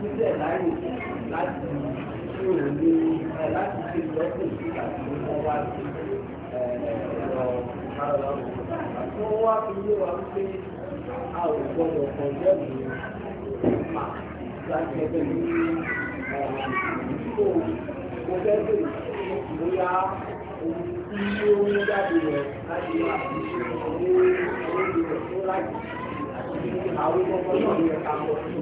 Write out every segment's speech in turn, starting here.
síbẹ̀ láyè láti tí ò ní láti ṣe lọ́sìn síta tí wọ́n wá sí ọ̀rọ̀ kárọ̀lọ́rùn. àti wọ́n wá fi yé wa wípé a ò gbọ́dọ̀ kàn mi mà láti ẹgbẹ́ mi ní ìdíkò mo fẹ́ pè bóyá ohun tí ó ń jáde rẹ̀ láti wá sí owó owó ìrẹ̀ àti àwọn ọmọ náà yẹ ká lọ sí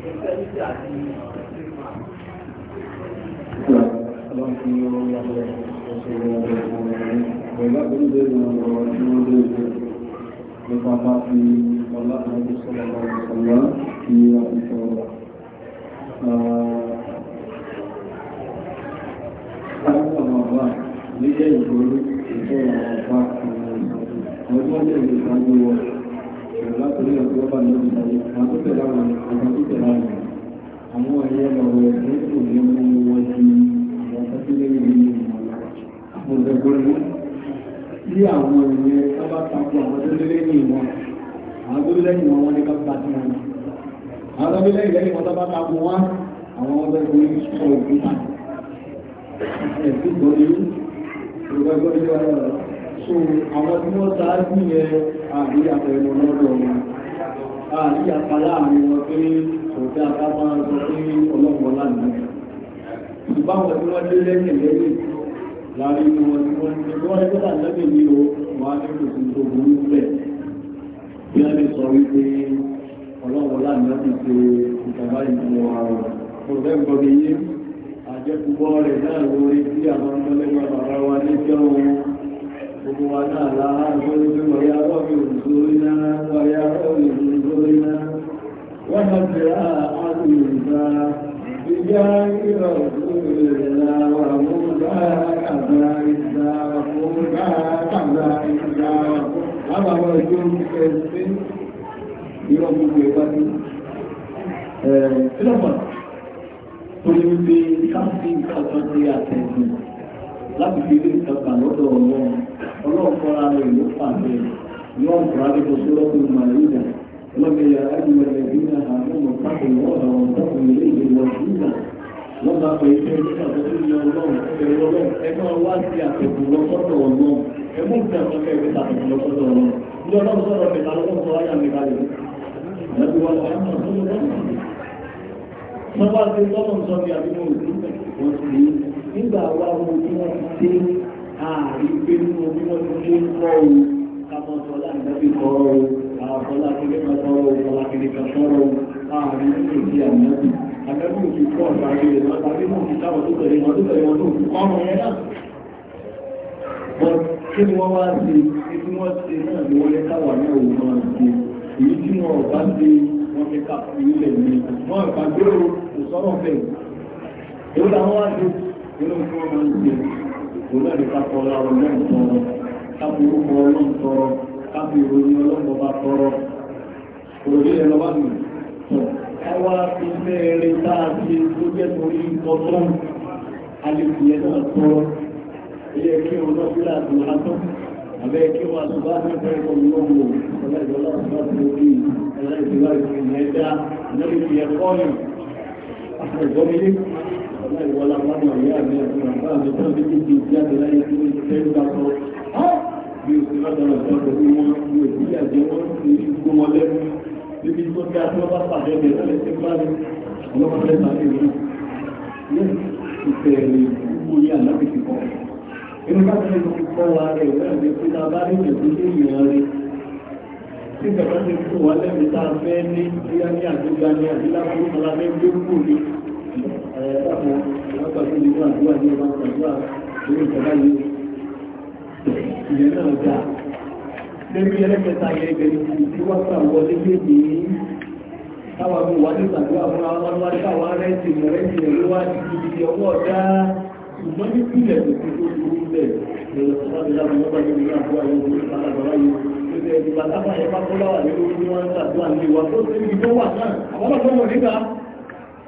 Ìgbà tó ń dé ìrìn ọ̀rọ̀ tí wọ́n dé ìgbè nípa bá fi ọlá àwọn ìṣọ́lọ̀ ọ̀sọ̀lá kí a fi sọ̀rọ̀. Àwọn ọmọ ọ̀rọ̀ ní jẹ́ ìgbòrú ìṣọ́lọ̀ ọ̀pá àwọn ìṣọ́lọ̀ ọ̀pá èèyàn látòrí ọ̀pọ̀ ọba ní ìsàlẹ̀ àwọn tó tẹ̀lé àwọn àwọn tó tẹ̀lé àwọn àwọn ẹ̀yẹ ọ̀rọ̀ ẹ̀sìn tó ní owó wọn di àwọn sátidé ìlú ní àwọn ọ̀dẹ́gbọ́n ní. tí àwọn ènìyàn sábà tako àwọn tó lé lẹ́yìn wọn àwọn tó lẹ́yìn wọn wọn ní ká bá tiwọn. àwọn tó lẹ́yìn lẹ́yìn wọn sábà tako wọn àwọn ọ̀dẹ́gbọ́n ní àríyàtọ̀ ẹnu lọ́dọ̀ wọn àríyàtọ̀ láàrin wọn pé ọ̀dá àbábá sọ pé ọlọ́pọ̀ lánàá ìbáwọn tí wọ́n dé lẹ́yìn lẹ́yìn láàrin wọn tí wọ́n ti wọ́n ẹgbẹ́ làlẹ́bẹ̀ ní o wọ́n á ní kò sí tó burú bẹ̀ bí wọ́n lè sọ wípé ọlọ́pọ̀ lánàá ti ṣe ìjàmbá rẹ̀ náà lórí tí àwọn ọmọlẹ́gbẹ̀ẹ́ bàbá wa ní jẹun gbogbo wa náà lára lórí pé wọ̀yá rọ́bì òǹdórí náà wọ̀yá rọ́bì òǹdórí náà wọ́n lọ bẹ̀rẹ̀ àádọ́ ìgbà ìgbà ìrọ̀ òǹdórí náà wà mú bá àgbà ìgbà mú bá àgbà ìgbà àbàwọ̀ ìjọ ìfẹ́ sí ìrọ̀ gbogbo ìwádìí. Ẹ̀ẹ́dọ́gbọ̀n, torí wípé káàkiri kàtọ́ sí àtẹ̀sùn láti fi ilé ìtọ́ka lọ́dọ̀ ọlọ́run ọlọ́run fọ́ra rẹ̀ ló pàṣẹ yóò fọ́ra rẹ̀ tó sọ́dọ̀ fún màlúùdà ọlọ́run yà ájú rẹ̀ bí i àwọn ọmọ káàkiri ọ̀dọ̀ àwọn ọ̀dọ́kùn ilé ìwé wọn sílà wọ́n bá pè é pé nígbà tó ti yọ ọlọ́run ẹ̀rọ ọlọ́run ẹ máa wá sí àtẹ̀kù lọ́sọ́dọ̀ ọlọ́run ẹ mú ìgbà tó kẹ́ ẹ̀fẹ́ àtẹ̀kù lọ́sọ́dọ̀ ọlọ́run ilé ọlọ́run sọ̀rọ̀ mẹ́ta lọ́wọ́ sọ ayà mẹ́ta lẹ́yìn wọ́n bá ti tọ́nà sọ ní àbíkú òṣèlú wọ́n sì rí nígbà wà wọ́n tí wọ́n ti dé ààrin pé nínú bí wọ́n ti dé kọ́ o kámọ́ sọlá ìdábí kọ́ o àbọ̀lá kéde kan kọ́ o bọ̀lá kéde kan kọ́ o ààrin nínú ìdí àmọ́bí àbẹ́bí òsì kọ́ ọ̀gá rẹ̀ lọ́ta bí wọ́n ti táwọn tó tẹ̀lé wọn tó tẹ̀lé wọn tó fi kọ́ ọmọ yẹn náà wọ́n kí ni wọ́n wá sí i tí wọ́n ti náà ni wọ́n lẹ́ta wà náà wò máa ṣe èyí tí wọ́n bá ti wọ́n fi ká ilẹ̀ ní wọ́n ìpàgbéró ìsọ́rọ̀ bẹ́ẹ̀. èyí làwọn wá dé inú tí wọ́n máa ń ṣe òun náà lè ká tọrọ àwọn náà ń tọrọ káfí orúkọ ọlọ́run tọrọ káfí ìròyìn ọlọ́run bá tọrọ òròlé ẹ̀rọ bá mi tọ̀ káwá fi mẹ́rin tá a ṣe náà tọrọ mẹ́jọ lọ́wọ́ láti orí ẹlẹ́gbẹ̀ẹ́ láti ìrìn ẹja lórí ti ẹ̀kọ́ yìí àtẹ̀gbọ́mílé ọlọ́ìwọ́lá mọ́nà ìyá mi àti àbá mi tó ní kíkì jáde láyé tí ó ti fẹ́ gbà sọ bí o sì lọ́dọ̀rọ̀ sọ́dọ̀ bí wọ́n ti ò sí àjẹ́ wọ́n ti fi gbó wọn lẹ́nu níbi tó kí a tí wọ́n bá pàdé ẹgbẹ̀ lọ́lẹ̀ tí bá ní ọlọ́pàá tàbí ìlú lẹ́yìn ìfẹ̀ẹ̀rẹ̀ gbogbo ní àlábìsì kan inú bá tẹ́lẹ̀ kọ́ wa rẹ̀ rẹ̀ rẹ̀ pé ta bá rí ìjẹ̀ tí bẹ̀rẹ̀ ti kú wà lẹ́bi tá a fẹ́ ní bíyá ní àdúgbà ní àdúgbà fún alábẹ́ gbé kú ní ẹ̀ẹ́dàpọ̀ lágbàtí ní àdúgbà ní ọba àdúgbà lórí ìjọba yìí ìyẹn náà dà lẹ́bi ẹlẹ́kẹta yẹn gẹ̀rẹ́ ti ti wá fún àwọn ọdẹ́gbẹ́ yìí táwọn ọmọ wa ní ìgbàdúrà fún àwọn ọmọ táwọn arẹ́sì rẹ́sì rẹ̀ wá ti di ibi ọwọ́ ọ̀dá ṣùgbọ́n ní ìpìlẹ̀ tó ti tó burú bẹ́ẹ̀ lọ́sọ̀rọ̀ ìgbésẹ̀ ìgbà táwọn ẹ̀fà tó láwà nínú orí wọn ṣàdúrà ní ìwà tó sí ibi tó wà àwọn ọ̀pọ̀ mọ̀ nígbà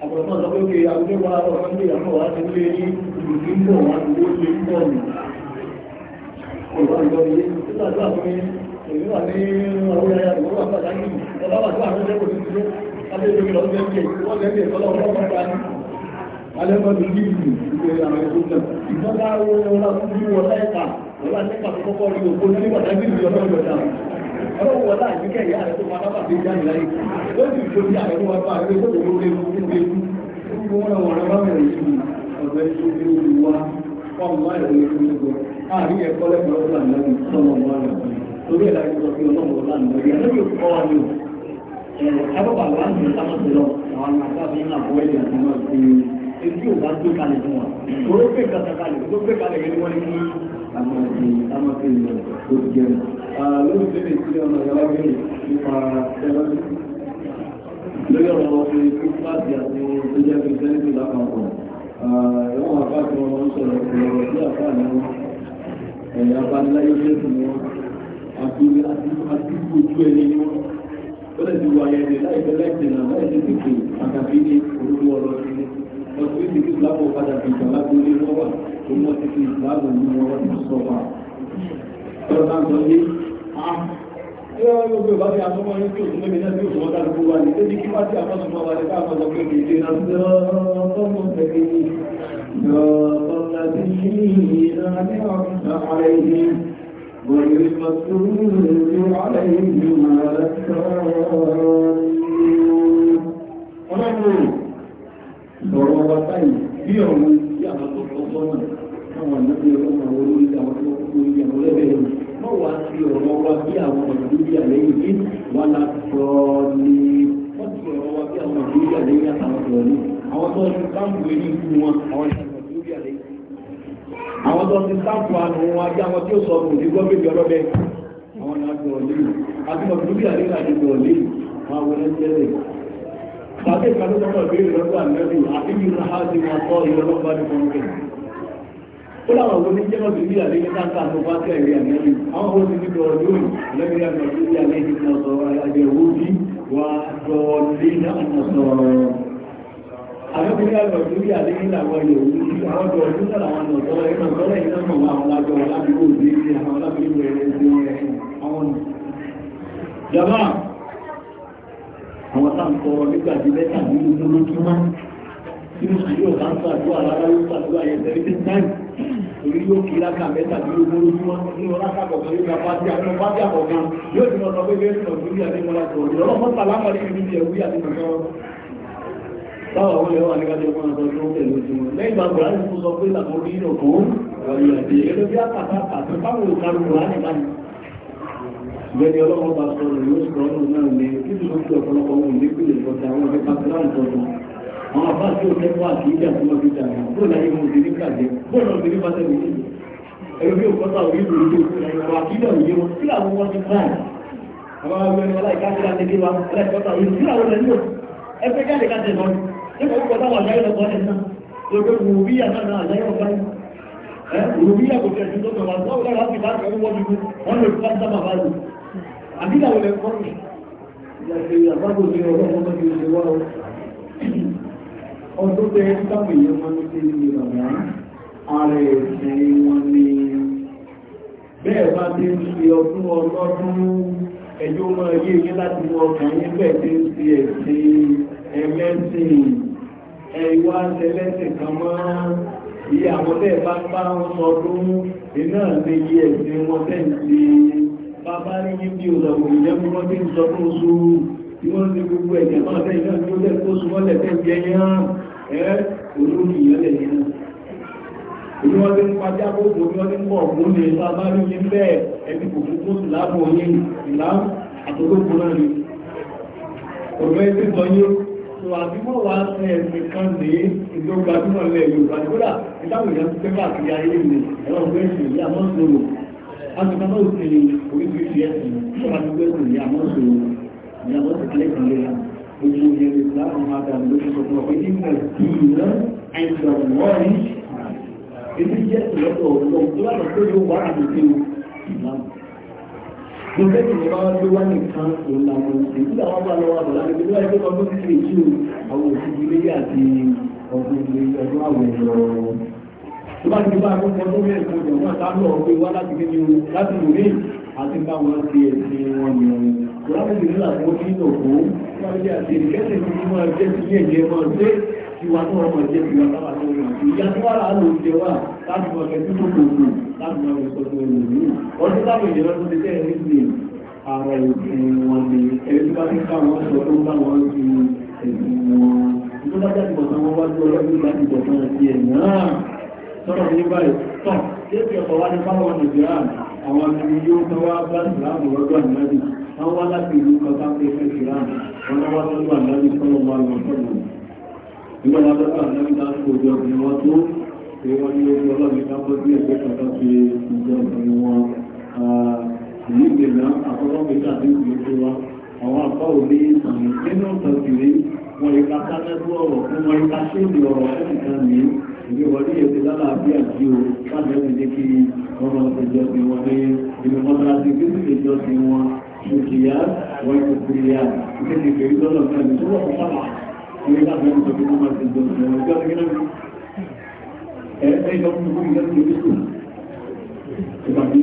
àpọ̀lọpọ̀ sọ pé kí àwùjọ wa ọ̀rọ̀ ní ìyàwó wa ti lé ní ìlú tí ń bọ̀ wọn ló lé ń bọ̀ nù. Ọ̀rọ̀ ìjọba yìí ti ṣàdúrà fún mi, èmi wà ní ọwọ́ ayé àdúgbò wà pàtàkì, ọ̀bá wà tó àwọn ẹgbẹ́ kò ní dúró, abẹ́jọ́ mi lọ sí ẹgbẹ́, wọ́n lẹ́gbẹ̀ẹ́ àwọn ẹgbẹ́ Òun àtẹ́kà tó kọ́kọ́ rí òkú ní pàtàkì ìlú ọjọ́ ìjọba. Ọlọ́run wọ́n láì níkẹ̀ ìyá rẹ̀ tó máa dábàá bí jáde láyé. Ó sì tó bí àrẹ tó wá bá àrẹ tó lè lórí ewu tó lè kú. Ó wọ́n lọ́wọ́ rẹ̀ bá bẹ̀rẹ̀ sí ọ̀gbẹ́ tó bí ó ti wá. Wọ́n máa rẹ̀ lè fún gbogbo. Àárín ẹ̀kọ́ lẹ́kọ̀ọ́ lọ́wọ́ láàrín lọ́wọ́ lọ́wọ́ torí ẹ̀dá ìjọ fi ọlọ́wọ́ láàrín lọ́wọ́ yẹn lórí ọkọ̀ wa èyí ò bá gbé kalẹ̀ fún wọn torí pé kàkà kalẹ̀ tó gbé kalẹ̀ yẹn wọ́n ní kí àwọn àti àwọn àti ìlú tó ti jẹun. lórí ìdílé ìpínlẹ̀ ọmọ ìyáwó yẹn nípa ẹgbẹ́ lórí ọ̀rọ̀ ọ̀sẹ̀ kíkúláàsì àti ìjọba ìfẹ́lẹ́sì lápapọ̀ ẹ̀wọ̀n àbá tí wọ́n sọ̀rọ̀ ìrọ̀rọ̀ sí àbá àwọn ẹ̀yà abániláyé lẹ́sùn wọn àti ojú ẹni wọn ó lè ti wáyé ní orúkọ lọ sí ìdíkì ìsìláàmù padà fi ìjọba tó lé lọ́wọ́ tó mọ́ sí fi ìsìláàmù ní ọwọ́ tó sọ wà. ọ̀rọ̀ náà sọ yé ẹ̀rọ gbogbo ìbá fi àtọ́mọ́ ní tó súnmọ́ ìgbésẹ̀ tí òṣùwọ́n dárúkú wà ní tẹ́lẹ̀ kí wá sí àtọ́sùnmọ́ wà lọ́rọ̀ wa báyìí bí ọ̀run bí àwọn tó lọ sọ́nà àwọn ànábì ọlọ́run àwọn olórí àwọn tó kú orí àwọn lẹ́bẹ̀ẹ́ rẹ̀ wọ́n wá sí ọ̀rọ̀ wa bí àwọn ọ̀dùnúbí àlẹ́yìn bí wọ́n la sọ ní wọ́n ti ọ̀rọ̀ wa bí àwọn ọ̀dùnúbí àlẹ́yìn àtàwọn ọ̀rọ̀ ní àwọn tó ti sáǹpù eré ikú wọn àwọn ọ̀dùnúbí àlẹ́yìn àwọn tó ti sáǹpù àánú wọn àti àwọn tí ó sọ ọ̀rọ̀ àwọn ọ̀dùnúbí tàbí ìkàlù tọ́lọ̀ ìbéèrè lọ́gbà lẹ́rù àti yìí náà ti máa tọ́ ìrọlọ́gbà ní kọ́ńkẹ́ ó láwọn ọ̀gbọ́n ní jẹ́mọ̀ sí ní àlejò káńtà tó bá tẹ̀ rí àmẹ́lì àwọn ọ̀gbọ́n ti ní lọ́rọ̀ lórí lẹ́gbẹ̀rẹ́ àmọ́ sí ní àlejò náà sọ àjẹ́ owó bí wà sọ lé náà sọ àlọ́gbẹ̀rẹ́ àmọ́ sí ní àlejò náà wọ ilẹ̀ òwú sí àwọn ọjọ́ ọdún náà àwọn ọ̀nà ọ̀tọ́ ẹ̀nà ọ̀tọ́lẹ̀ iná mọ̀ àwọn alájọ alábìwò sí àwọn alábìwò ẹ̀rẹ́ sí àwọn ọ̀nà àwọn táwọn tọrọ nígbà tí bẹ́ẹ̀ tàbí lójú lójú má nínú sùúrù ọ̀gá ń sàdúrà rárá yóò sàdúrà yẹn tẹ̀lé tí táì torí yóò kí lákà bẹ́ẹ̀ tàbí lójú lójú má nínú lákà kọ̀ọ̀kan yóò gba pátí àwọn pátí àkọ̀kan yóò ti lọ́sọ pé bẹ́ẹ̀ sọ̀rọ̀ lórí àdémọ́lá tọ̀rọ̀ lọ́lọ́mọ́ sàlámọ́ ní ibi ìyẹ̀wú àdémọ́lá Báwọn ọmọ ẹwà ní kájọ fún ọjọ́ tó pẹ̀lú ti wọn. Lẹ́yìn bá Bùrá ní fún sọ àti báwọn ìgbẹ́ni ọlọ́wọ́ bá sọ rẹ̀ yóò sọ ọ́nà náà ní kí ló fi ọ̀pọ̀lọpọ̀ ohun ìdíkùlẹ̀ ìfọ̀tà àwọn ọ̀rẹ́ pàtàkì tọ́tọ̀ àwọn àbá tí ó kẹ́kọ̀ọ́ àti ìjà tí wọ́n fi jà ní bó láyé mo ti ní kàjẹ́ bó lọ sí ní pàtẹ́ mi níbi ẹ̀rọ bí òkọ́ta òye ló ló wà kí lọ òye wọn kí làwọn wọn ti fà á àwọn ọmọ ẹni aláìká sí láti kí wa aláìkọ́ta òye kí làwọn lẹ́nu ẹ fẹ́ jáde ká tẹ̀ lọ nípa ó kọ́ta wà láyé lọ́kọ́ ẹ̀ náà lóko wùbíyà náà àláyé ọ̀gá ẹ̀ wùbíyà kò tẹ̀ sí lọ́kọ̀ wà àbílà olè kọ́ mi ìyàtọ̀ ìyàbábò ní ọlọ́pọ̀ tó ṣe wá o ọdún tẹ táwọn èèyàn máa ń ṣe ní bàbá ara ẹ̀sìn wọn ni bẹ́ẹ̀ bá ti ń ṣe ọdún ọlọ́dún ẹjọ́ máa yé yé láti mú ọkàn yín bẹ́ẹ̀ ti ń ṣe ẹ̀sìn ẹlẹ́sìn ẹ̀wá ẹlẹ́sìn kan mọ́ iye àwọn tẹ́ẹ̀ bá ń bá wọn sọdún iná lè yí ẹ̀sìn wọn tẹ́ǹtì bàbá rí ní bí òlàwò ìjẹ́gbọ́n tí ń sọ fún oṣù tí wọ́n ní gbogbo ẹ̀jẹ̀ máa tẹ́ ìjọ́ tí ó lẹ́ kó súnmọ́ lẹ́tẹ́ jẹ yán ẹ́ olóòrùn ìyọ́lẹ̀ yẹn ìlú wọn ti ń pàjá gbogbo bí wọ́n ti ń pọ̀ ògùn lè sá bá rí ní bẹ́ẹ̀ ẹbí kò fún kóòtù láàbò yín ìlà àtọ́lógún náà ni ọ̀rọ̀ ẹgbẹ́ sọ yín tó àbímọ̀ wá sẹ ẹ̀sìn kan ní ìjọba tí wọ́n lẹ̀ Yorùbá nígbà ìdáwò ìyá ti tẹ́ káàkiri ayé ìlú ẹ̀rọ ọ̀gbẹ́ ìṣèlú àmọ́ ìṣòro àtùkà náà ti ní oríṣiríṣi ẹ̀sìn tó bá ti gbé kù ní àmọ́ ìṣòro ní àmọ́ ìṣàlẹ̀ ìṣàlẹ̀ ojú omi ẹni láti máa dà lórí sọ̀tún ọ̀pẹ́ ní ìgbà tí ìná àìsàn wọ́ọ̀rí ètò jẹ́ ìlọ́tọ̀ ọ̀rọ̀ tó yàtọ̀ tó yóò wá àdùkú ìlànà gbogbo ètò ìlọ́wọ́ tó wá nìkan òun làwọn ìlú àwọn bá lọ́wọ́ tó bá ti bá akókò tó rẹ̀ ìkọjọ wọn ta lọ pé wá láti gbé ní o láti lò ní àti bá wọn ti ẹ̀sìn wọn ni wọn. kò láti lè nílà tó ní ìlò kó wọn jẹ́ àti ìkẹ́sẹ̀ tí wọ́n máa jẹ́ sí ẹ̀jẹ̀ máa dé tiwa tó wọn máa jẹ́ tiwa táwa tó wọn àti ìyá tó wà láàlú jẹ wá láti máa fẹ́ tó kòkòrò láti máa fẹ́ sọ́dọ̀ ẹ̀mí. ọdún táwọn èèyàn lọ́dún ti tẹ́ ẹ̀ ara ìsìn wọn ni ẹ̀rí bá ti ká wọn sọ tó bá wọn fi ẹ̀sìn wọn. ìjọba jáde bọ̀tán wọn wá lọ lọ́dún láti bọ̀tán ti ẹ̀ náà tọ́rọ̀ ní báyìí tọ́ kéèkì ọ̀pọ̀ wá ní fáwọn nìjíríàn àwọn ẹni yóò tọ́ wá bá ìsìláàmù lọ́dọ̀ ànábì wọ́n wá láti ìlú kọta pé fẹ́ ìsìláàmù wọ́n wá lọ́dọ̀ ànábì sọ́lọ́ wá lọ sọ́lọ́ nígbà wá lọ́dọ̀ ànábì láti ojú ọkùnrin wọn tó pé wọ́n ní ojú ọlọ́rin kápọ́ sí ẹgbẹ́ kọta pé ìjọ ọkùnrin wọn ìlú ìgbèlà àkọ́kọ́ àti ìgbèlè wa àwọn àpá òní ìsàmì nínú ìtọ́jú rí wọ́n ìka sáré ọ̀rọ̀ fún wọn ìka ìwé wọlé èdè lálàáfíà tí ó láti ẹni jẹ́ kí wọ́n máa ṣe jọ sí wọn ní ìlú mọ́tàlásí tí ó sì jọ sí wọn ṣùkìyà wọ́n ti fi yà ní ti fèrí lọ́nà náà ní tó wọ́n fún sábà ní láti ẹni jọ sí wọn máa ṣe jọ sí wọn ìjọ sí náà ẹgbẹ́ ìjọ fún fún ìjọ sí ìlú ìgbàgbé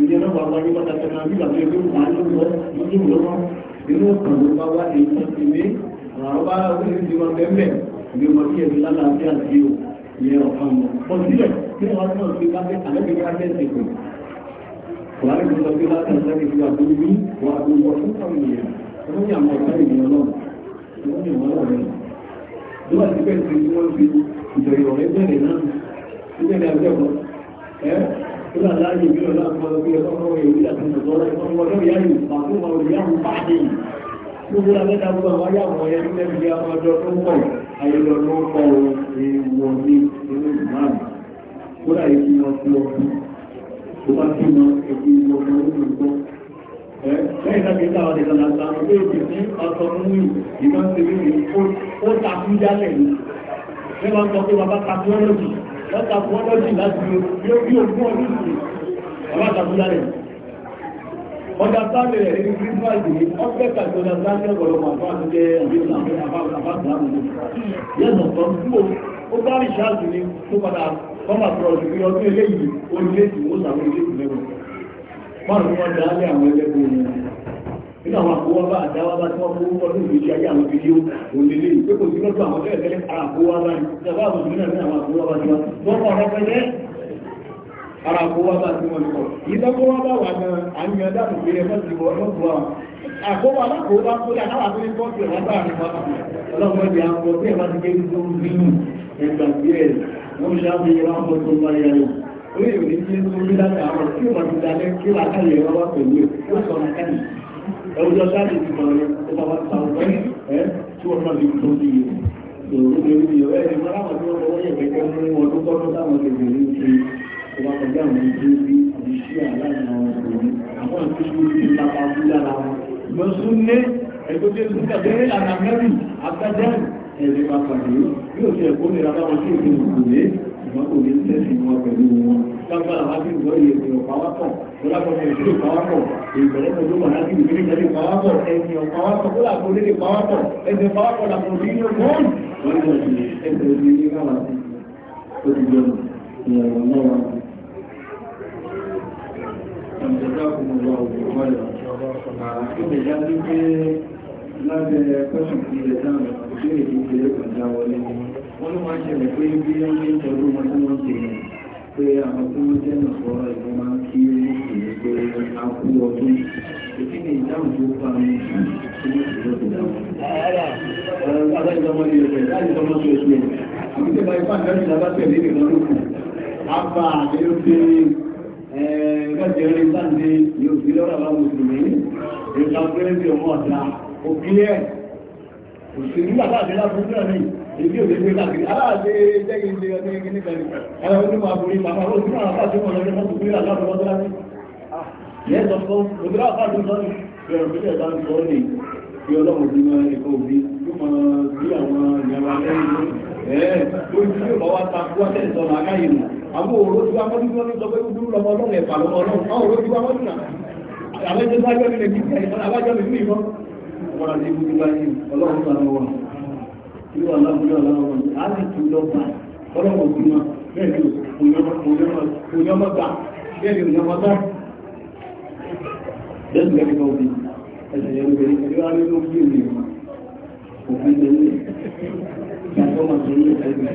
ìjẹ náà wà wáyé pàtàkì náà bí ìgbàgbé ìlú wà ní lọ lójú lọ́wọ́ inú ọ̀kan ló bá wá èyí tó ti ní àwọn bá wọ́n ti di wọn bẹ́ẹ̀ ní ọmọ tí ẹ̀mí lálàáfíà sí o ní ọ̀kan mọ̀. Pọ̀ sílẹ̀ kí wọ́n náà fi káfẹ́ àlẹ́bí káfẹ́ sí kù. Kùránì ti sọ pé látà sẹ́ni fi àbú náà. Wọ́n ní náà. Ìbẹ̀rẹ̀ àjẹ́kọ̀ọ́ ayélujára tó ń kọ́ ohun èèwọ̀ ní inú ìmáàmù kódà yìí kí wọ́n fún ọdún tó bá kí wọ́n ẹbí wọ́n ọdún gbọ́. lẹ́yìn náà kí n táwọn ìlànà àtàwọn ọdún èdè ní ọ̀sán mú ìgbà ń ṣe ní ó takún jálẹ̀ ní. wọ́n máa ń sọ pé bàbá ọjà sáré rẹ̀ ní christmas day ọgbẹ́ kàtí ọjà sáré ọ̀pọ̀lọpọ̀ àfáàtì jẹ́ àbíyàn àfáàtì àfáàtì láàmù yẹ́nà kan tí ó ó bá rí ṣáàtì ní tó padà kọ́mà sọ̀rọ̀ sí pé ọdún eléyìí ó ní léèkì ó sàwọn eléyìí lẹ́nu márùn ún wọn dá lé àwọn ẹlẹ́gbẹ́ wọn nínú àwọn àkówá bá àdáwá bá tí wọ́n fún ọdún ìgbésí ayé àwọn fídíò òlélé pé kò sí lọ́dún àwọn ẹlẹ́gbẹ́ àkówá bá ní ìjọba àwọn òṣèlú náà ní àwọn àkówá bá tí wọ́n fún ọ̀rọ̀ pẹ́lẹ́ ara kó wá bá sí wọn kọ̀. Ìdọ́kọ́ wá bá wà náà, àmì ọ̀dá tó gbé ẹgbẹ́ ìbò ọlọ́pù àwọn. Àkóbá alákòó bá kó dà káwà tó ní kọ́ọ̀tù ẹ̀wá bá àmì bá. Ọlọ́pàá di akọ tí ẹ̀wá ti gé ní tó ń bínú ẹgbà sí ẹ̀. Wọ́n ṣe àmì ìwà ọmọ tó bá yà lọ. Orí ìwé ní ṣe tó rí wà káyẹ̀ wá tó sọ ní káyì. Ẹwùjọ di ìrò. Ìrò lórí ìrò ẹ̀ ní mọ́ra wọn tí wọ́n fọwọ́ yẹ̀ kẹ́kẹ́ fún ọdún wá pẹ̀lú àwọn ìdílé àwọn iṣẹ́ aláìní àwọn ọkùnrin àwọn ìfúnṣe ti lápá fún lára wọn. lọ sún lé ẹgbẹ́ tó ti tẹ̀lé àtàmẹ́rì àtàjẹ́ ẹ̀rẹ́ wa pàdé yóò ṣe ẹ̀kọ́ nira báwọn tí òfin òkùnlé ìwọ́n kò ní tẹ̀sí wọn pẹ̀lú wọn. lágbára wá sí ìwọ́ iye ìpè ọ̀páwápọ̀ lọ́lápọ̀lọ́ ìṣe ìpáwápọ̀ ìbẹ̀rẹ̀ pẹ̀lú wà láti ìpè nígbàdí ìpáwápọ̀ ẹ̀yìn ọ̀páwápọ̀ tó làkó lé ìpáwápọ̀ ẹ̀sẹ̀ ìpáwápọ̀ làkó lé ní ọgbọ́n. wọ́n ní ọ̀sẹ̀ ẹ̀sẹ̀ ìpè ní káwá sí jẹ́sàkùnmọ̀ ọ̀gbọ̀n pé àwọn tó wọ́n jẹ́ nàṣọ́ ìwọ́n máa ń kí ìwé pé a kú ọdún ìdí ni ìdáhùn tó bá ní ìṣúná ìṣúná tó dáwọn. adájọ́ ọmọdé rẹ̀ láti ọmọ tó ṣe àbíkẹ́ bá ipá ìdájọ́ ìdábàtẹ̀ lé nìkan lókun. a bá àdéhùn pé ẹ̀ẹ́gbẹ́jẹ̀rin sáńdé ni ò sí lọ́rọ̀ àwọn mùsùlùmí ìta pẹ́rẹ́ bí ọmọ ọ̀dá òkílẹ̀ òsìlú látàdé láfúnjọ́ ní ìdí òdé gbé káàkiri aláàdé jẹ́gì ilé ọdún ẹgbẹ́ nígbà ní ẹ̀rọ onímọ̀ àbúrí pàpà ó sínú àwọn àpáàdé wọn lọ́dún mọ́tò pínlẹ̀ aláàdé wọ́n dára ní yẹ́ sọ́kọ́ òdúrà àpáàdé wọn ní bẹ̀rẹ̀ pínlẹ̀ ìdá ń sọ ní bí ọlọ́run bí wọn ẹ̀kọ́ òbí yóò mọ bí àwọn ìyàwó akẹ́yìn ẹ̀ẹ́ lójú yóò bá wá ta kú akẹ́yìn sọ àwọn òròjú amọ́dúnjọ́ ní sọ pé dúró lọmọ ọlọ́run ẹ̀fà lọmọ ọlọ́run àwọn òròjú amọ́dún náà àwọn ẹjọ́ sájọ́ nílẹ̀ kíkẹ́ ìfọ́n àbájọ́ nínú ìfọ́n wọ́n àti ibùdó báyìí ọlọ́run sànà wọn ìlú aláàbújọ́ aláwọ̀ á sì tún lọ́gbà ọlọ́run òkú náà bẹ́ẹ̀ ni òyọ́mọ́gbà bẹ́ẹ̀ ni òyọ́mọ́gbà bẹ́ẹ̀ ni kẹ́kẹ́ òbí ẹ̀sẹ̀ yẹn lóbìnrin ẹ̀yọ́ yàtọ̀ máa tó ní ẹgbẹ́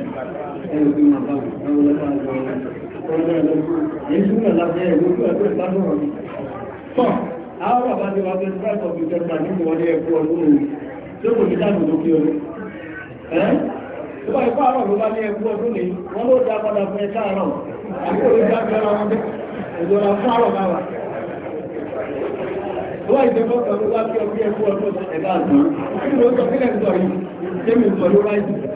ẹgbẹ́ bí máa bá wọn lọ́wọ́ lọ́wọ́ ọ̀rọ̀ lọ́wọ́ èyí tún náà láti ẹ̀ lójú ẹgbẹ́ ìbádọ́rọ̀ mi. tọ́ àwọn bàbá ti wá fẹ́ strike of ìjọba nínú wọlé ẹ̀kú ọdún òní tó kò ní dáàbò tó kí ọdún. tó bá ipá àárọ̀ ló ni wọ́n ló dá padà fún ẹ káàárọ̀ àbí òun dá fẹ́ ra wọn ìjọba fún àárọ̀ bá wà. tó bá ìjọba ọ̀dọ́ wá kí ọdún ẹ̀kú ọdún ẹ̀dá àgbọ̀n kí ló sọ sílẹ̀ ń sọ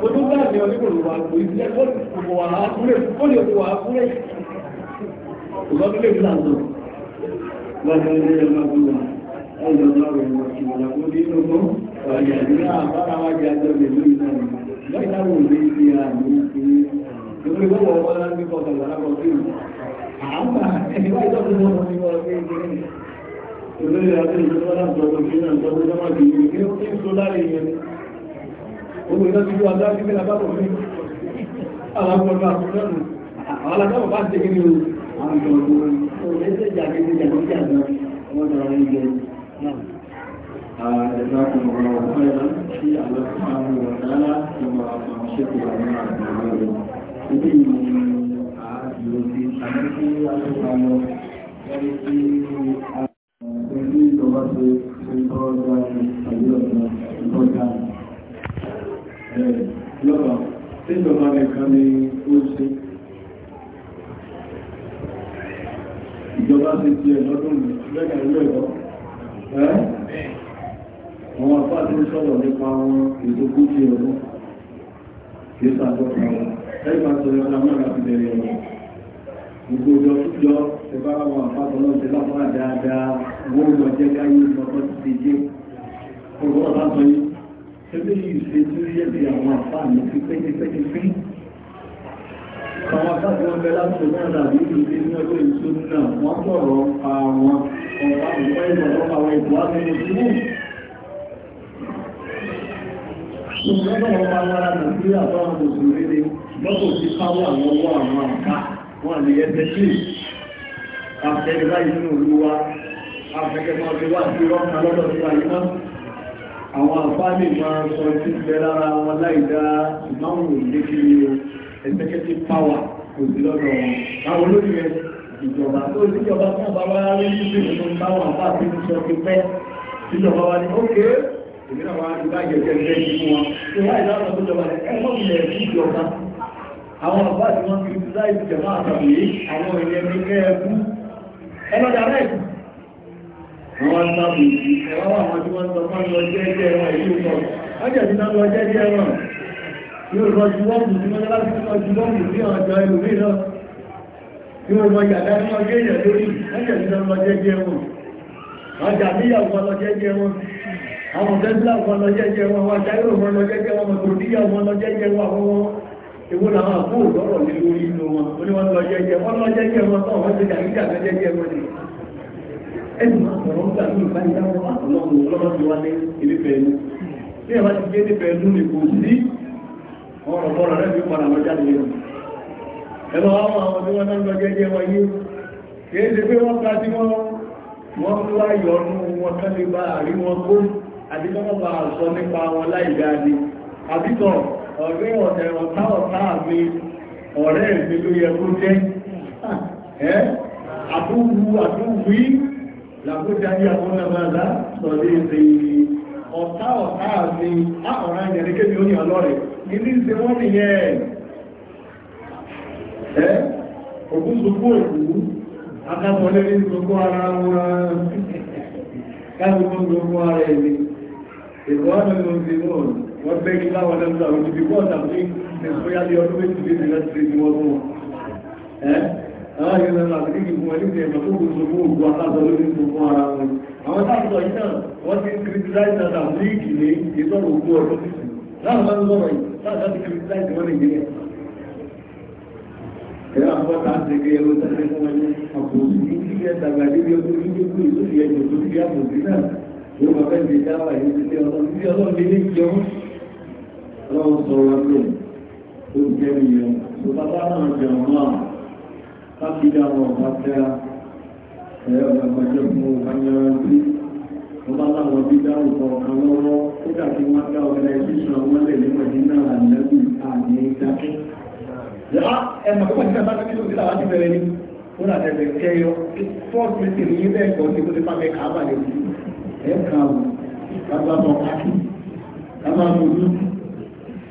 Ojú bá ní ọdún olùwà àgbò ìdílé olùwà àkúrẹ́, ó lè wà àkúrẹ́. Ìlọ́dún lè fi láàrín. Lọ́dún ilé ẹ̀mọ́ gbúwà, ẹ̀yọ̀ lọ́rọ̀ ìwọ̀n ìwọ̀n àkúrẹ́ nínú mọ́, ọ̀yà ìrìn àbára wájá jẹ́ ìwé ìwé wọn wọn láti kọ́ ọ̀sán ìwọ̀n lápọ̀ sí ìwọ̀n àmà ìwà ìtọ́jú wọn wọn ni wọ́n fi ń gbé ìwé àti ìwé wọn láti ọdún kí náà tọ́jú sọ́mà kì í kí ó ń so láre yẹn owó iná ti ju adá sí pé lábàbọ̀ mi àwọn akọ̀dọ̀ àkọ́dọ̀nù àwọn alágbàbọ̀ bá ti kí ni o àwọn ìjọ̀gbọ̀ ẹ̀sẹ̀ ìjàgbẹ̀sẹ̀ ìjàgbẹ̀sẹ̀ àgbà جزاكم الله خيرا في الله سبحانه وتعالى كما شكر لنا ilé ìwé àádìí òfin àmọ́ tí a tó máa lọ wọ́n tí a pẹ̀lú ìjọba tó ṣe tọ́ọ̀dá tàbí ọ̀dọ́ ìtọ́já lọ́wọ́ tí ìjọba nìkan ni ó ṣe ìjọba ti ti ẹ̀ lọ́dún lẹ́gbẹ̀ẹ́ ìlú ẹ̀kọ́ àwọn àpá àti ìṣọ́lọ̀ nípa àwọn ètò kúkú kìí sàtọ́ àwọn ẹgbà tó yọ lámọ́ra ti bẹ̀rẹ̀ wọn gbogbo ọjọ́ fújọ́ ẹgbà àwọn àpapọ̀ náà ti lápá dáadáa wọ́n lọ jẹ́ káyé lọ́kọ́ ti ti jẹ́ ọgbọ́n ọ̀la sọ yìí ẹgbẹ́ yìí ṣe tó yẹ bí àwọn àfáàní ti pẹ́kipẹ́ki fi àwọn àfáàní wọn bẹ láti ọgbọ́n ọ̀la bí ìlú ti ní ọjọ́ ìṣó náà wọ́n sọ̀rọ̀ àwọn ọ̀pá ìpẹ́ ìgbọ̀n àwọn ìbò àmì Ìjọba ọmọ alára Nàìjíríà bá ọmọ òṣèré ni lọ́pọ̀ tí káwọ́ àwọn àwọn àká wọn lè ẹgbẹ́ sí àfẹ́gẹ́ báyìí nínú olúwa àfẹ́gẹ́ máa fi wá sí rọ́pàá lọ́dọ̀ sí ayé náà àwọn àfáàlì máa sọ sí ìfẹ́ wọn láìdá ìmáwò lékiri wa ni ó kéré ìfún wọn ìwà ìlànà tó jọba ẹ̀kọ́ ìlẹ̀ ìjọba àwọn ọ̀pá tí wọ́n fi ìtúlá ìjẹ̀ máa tàbí àwọn ilẹ̀ ẹgbẹ́ ẹkú ẹlọ́dà rẹ̀ wọ́n tàbí ẹwọ́n àwọn tí wọ́n sọ wọ́n láti lọ èwo làwọn àbúrò lọ́rọ̀ lé lórí inú wọn oníwọ́n lọ jẹ́jẹ́ wọ́n lọ jẹ́jẹ́ wọn tán wọ́n ti dà nígbà lọ jẹ́jẹ́ wọn ni ẹni máa sọ̀rọ̀ nígbà ní ìbánidáwọ̀ àtọ̀lọ́run lọ́rọ̀ ti wá ní ìlẹ́fẹ̀ẹ́ nù bí ẹ bá ti gbé nífẹ̀ẹ́ nù ní kò sí ọ̀rọ̀ bọ́rọ̀ rẹ̀ fi padà lọ jáde lẹ́nu ẹ lọ wá wọn àwọn tí wọ́n lọ jẹ́jẹ́ wọn yé kìí ṣe pé wọ́n ká sí wọn wọ́n ń wá ìyọnu wọn kán lè bá àrí wọn kó àti kọ́kọ́ bá sọ nípa wọn láì dáadé àbítọ̀ ọ̀rẹ́ ọ̀tẹ̀ ọ̀tá ọ̀tá mi ọ̀rẹ́ mi ló yẹ kó jẹ́ ẹ́ àbúrú àbúrú làbújáyé àwọn ọmọdá sọ̀rọ̀ èdè ọ̀tá ọ̀tá mi àọ̀rá ìyẹ̀ríkẹ́ mi ó ní ọlọ́rẹ̀ ilé ìṣẹ́ wọ́n ni yẹ ẹ́ òkú sókú òkú akápọ̀lẹ́ ní sókú ara wọn káàkiri gbogbo ara ẹ̀mí ìkọ́ wọ́n bẹ́ kí láwọn lẹ́gbẹ̀ẹ́ àwọn ibi bọ́ ọ̀tà pé ẹ̀fọ́yá lé ọdún méjì lé nílẹ̀ tí ó wọ́n wọn ẹ́ àwọn yẹn lọ́nà àti kí fún ẹni tẹ̀ ẹ̀mọ́ tó kù sọ fún òkú aláṣọ lórí tó fún ara wọn àwọn táàtọ̀ yìí náà wọ́n ti criticize that am league ní ìtọ́rọ̀ òkú ọdún sísì láwọn bá ń sọ̀rọ̀ yìí láwọn ti criticize wọn nìyẹn ẹ̀rọ àpọ́ta ti gbé ẹ̀rọ tẹ̀lé fún ẹni àpòsí ní kí ẹ̀ tàgbà débi ọdún ní gbogbo ìsòsì ẹ̀jọ̀ tó ti àpòsí yóò máa fẹ́ yìí sí ọlọ́run ní ọlọ́run ní ní ọlọ́run sọ wọn lò tó jẹ́rì yẹn tó bàbá náà jẹun náà láti dá àwọn ọ̀gá tẹ́ ẹ̀yọ́ ìgbàgbọ́jọ́ fún ọ̀gá yẹn sí wọ́n bá láwọn bí dáhùn kọ̀ọ̀kan lọ́wọ́ ó dàbí wọ́n dá ọ̀gá ẹ̀sìn sọ wọ́n ní mọ̀dínà àmì ìdákẹ́. ẹ̀mọ̀ tó ni ó rà tẹ̀lẹ̀ kẹyọ fọ́ọ̀tù mi sì ní bẹ́ẹ̀ kọ́ sí kó ti pàmẹ́ kàá bà lè wù ẹ̀ kàá wù ká bá bọ̀ káàkiri ká máa mú ojú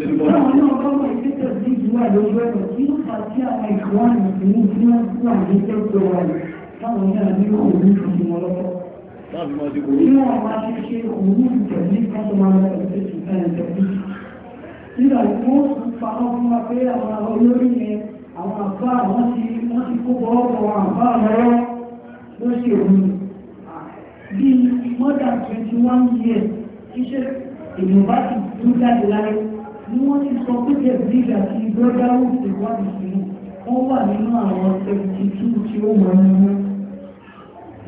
Ìjọba àwọn ọlọ́pàá ìgbésẹ̀ sí ìjúwà lójú ẹ̀rọ tí ó fà sí àwọn ìkọ̀wá ìrìnàjò tí wọ́n fún àgbésẹ̀ tó wà láwọn ní àdúgbò òní tuntun ọlọ́pàá. Tí wọ́n máa ṣe ṣe òní ìtẹ̀lé kọ́sọ̀mọ́ ẹ̀sẹ̀ ìtẹ̀lé. Nígbà tí wọ́n pa ọkùnrin wa pé àwọn olórí yẹn, àwọn àbá àwọn ti wọ́n ti kó bọ́ ọkọ̀ àbá lọ́wọ́ ló ṣe òní. Bí mọ́dà 21 years, iṣẹ́ ìlú bá ti dúdá ni wọ́n ti sọ pé jẹ̀bí àti brotherhood ti wá nìyí wọ́n wà nínú àwọn seventy tí ó mọ̀ ní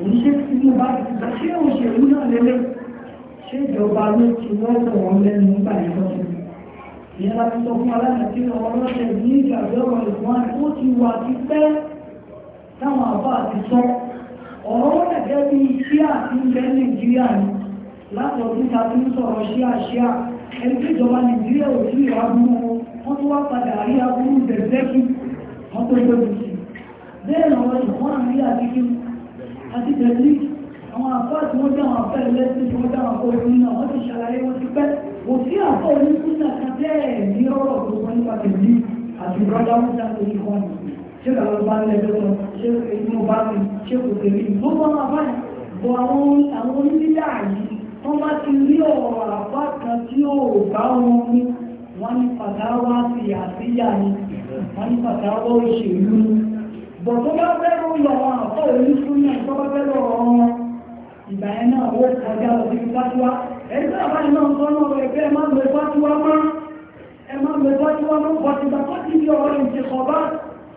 èyí ṣe tí mo bá ti gbà ṣé òṣèlú náà lélẹ̀ ṣé ìjọba ló ti wọ́pọ̀ wọn lẹ́nu nígbà yẹn lọ́sẹ̀. ìyẹn sọ fún aláǹdà tí ọmọ ọlọ́sẹ̀ ní ìgbàgbé ọ̀rọ̀ ìfún ó ti wà ti pẹ́ táwọn àbá àti sọ ọ̀rọ̀ gẹ́gẹ́ bí ṣíà ti ń Nàìjíríà ni látọ̀dún ta ti ń sọ̀rọ̀ ṣíà ṣíà ẹni tí ìjọba nàìjíríà ò sí ìwádùn wọn tó wá padà rí aburú bẹ̀rẹ̀kì wọn tó lóbi sí bẹ́ẹ̀ lọ́wọ́ ìwọ́n àrí àdíkí àti tẹ̀lé àwọn àfáà tí wọ́n dáwọn afẹ́ ẹlẹ́sìn tí wọ́n dáwọn afẹ́ orin náà wọ́n ti ṣàlàyé wọn ti pẹ́ kò sí àfẹ́ onísúnà kan bẹ́ẹ̀ ní ọ̀rọ̀ tó wọ́n nípa tẹ̀lé àti brọ́dá mọ́tà tó ní wọ́n ṣé kàlọ́ bá ń lẹ́jọ́ lọ ṣé inú bá mi ṣé kò tẹ̀lé ìgbó bá máa báyìí bọ̀ àwọn onídílé àyè tó bá ti rí ọ̀rọ̀ àbá kan tí ó bá wọn ní wọ́n ní pàtàwà sí àbíyà ni wọ́n ní pàtàwà òṣèlú bọ̀ tó bá fẹ́ ló lọ wọn àpọ̀ òní fún náà tó bá fẹ́ lọ wọn ìgbà yẹn náà ó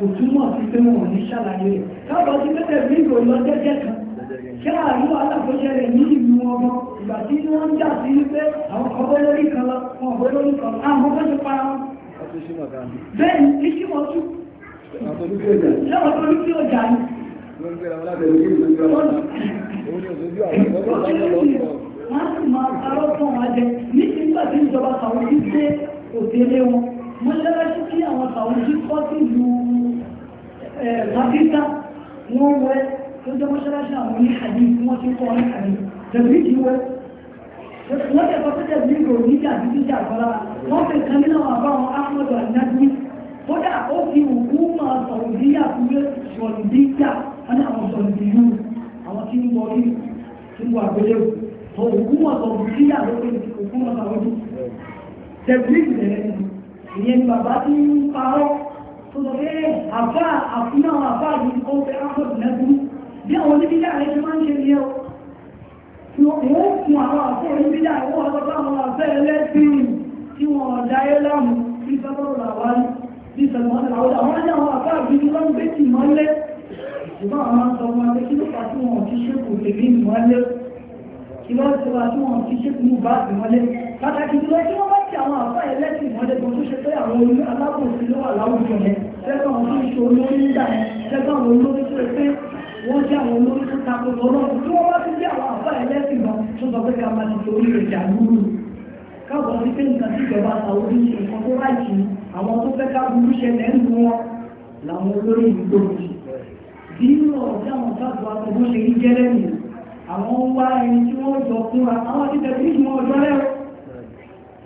kò túmọ̀ sí pé wọn ò ní ṣàlàyé rẹ̀ káàbọ̀ sí pé tẹ̀lé ìgò ìlọ́jẹ́jẹ́ kan ṣáàrí alákòóṣẹlẹ̀ ní ìlú ọmọ ìgbà tí wọ́n ń jà sí wípé àwọn ọgbẹ́ lórí kan lọ wọn ọgbẹ́ lórí kan àwọn ọgbẹ́ ti para wọn. bẹ́ẹ̀ ni iṣẹ́ wọn tú. lọ́wọ́ tó ní kí ọjà ni. wọ́n sì máa parọ́ fún wọn jẹ ní nígbà tí ìjọba sàwọn ti dé òtẹ́lẹ̀ wọn mọ́ṣáláṣí kí àwọn sàwọn ti kọ́ sí ìlú láfíìsá eh, wọ́n wẹ́ tó jẹ́ mọ́ṣáláṣí àwọn ní tí wọ́n ti kọ́ ní àdí ti wẹ́ wọ́n tẹ̀ kọ́ tẹ́tẹ̀ bí ìrò ní ìjà títí ìjà àgbọ́lá wọ́n fẹ́ kan nínú àwọn àbáwọn ápùlọ̀dọ̀ àdínájú kódà ó fi òkú máa sọ̀rọ̀ bí àkúrẹ́ sọ̀rọ̀díjà ní àwọn sọ̀rọ̀dìyú àwọn tí ń wọ ní tí ń wọ àgbélẹ̀wò tó òkú máa sọ̀rọ̀ bí àlókè òkú máa sọ̀rọ̀ jù tẹ̀bí ìrẹ̀ ìyẹn bàbá tí ń tó sọ pé eh, àbá àfihàn àbá yìí ó fẹ́ ápọ̀tù lẹ́gbùn bí àwọn oníbíjà rẹ̀ ṣe máa ń ṣe ní ẹ̀wọ̀ ìwọ́n fún àwọn àfọ́ oníbíjà ìwọ́n ọlọ́pàá àwọn àfẹ́ ẹlẹ́sìn tí wọ́n dáyé láàmú sí sọ́tọ̀rọ̀ àwárí sí sọ̀rọ̀ àwọn àwọn ajá àwọn àfá àbíjú lọ́n gbé tì mọ́lé ṣùgbọ́n àwọn sọ wọn pé kí ló fà tí wọn ti ṣépù tí àwọn àbá ẹlẹ́sìn ìmọ̀lẹ́gbọ̀n tó ṣe pé àwọn olú alábòsí ló wà láwùjọ yẹn lẹ́gbọ̀n tó ń ṣe olórí nígbà yẹn lẹ́gbọ̀n àwọn olórí tó pé wọ́n jẹ́ àwọn olórí tó takò lọ́rọ̀ tí wọ́n bá ti jẹ́ àwọn àbá ẹlẹ́sìn lọ tó sọ pé ká ti torí rẹ̀ jà lúrù káàbọ̀ sí pé nǹkan tí ìjọba àwọn oríṣi nǹkan tó láì àwọn tó fẹ́ ká burú ṣẹlẹ̀ ń wọn làwọn olórí ìgbò bí ọ̀rọ̀ tí àwọn káàbọ̀ àtọ̀gbọ́n ṣe ń jẹ́rẹ́ nìyẹn àwọn wá ẹni tí wọ́n jọ fúnra àwọn ti tẹ̀lé ìmọ̀ ọjọ́ rẹ̀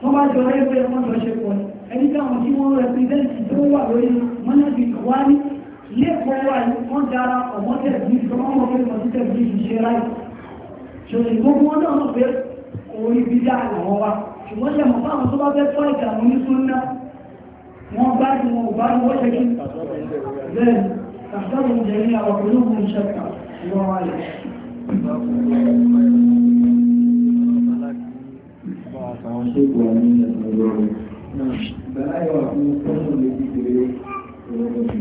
wọ́n bá jọ ẹ́ pé wọ́n jọ ṣe pọ̀ ẹni táwọn tí wọ́n rẹpìdẹ́ǹtì tó wà lórí mọ́nàbí wá ní lẹ́kọ̀ọ́ wà ní wọ́n dára ọ̀mọ́tẹ̀ bí ọmọ pé mọ̀títẹ̀ bí ìṣe láì ṣòṣì gbogbo wọn náà pé orí bí dá àwọn wa ṣùgbọ́n ṣe mọ̀ fáwọn tó bá fẹ́ fọ́ ìjà àwọn oníṣúná wọn gbádùn wọn bá ní wọ́n ṣe kí bẹ́ẹ̀ tàbí ọ̀rọ̀ ìjẹ̀rí àwọn olóògùn ìṣẹ́kà wọ́n wáyé àṣẹ́kù àmì ẹ̀rọ rẹ̀. Bàbá yọ̀ fún fọ́nà lè fi kéré ọlọ́dọ̀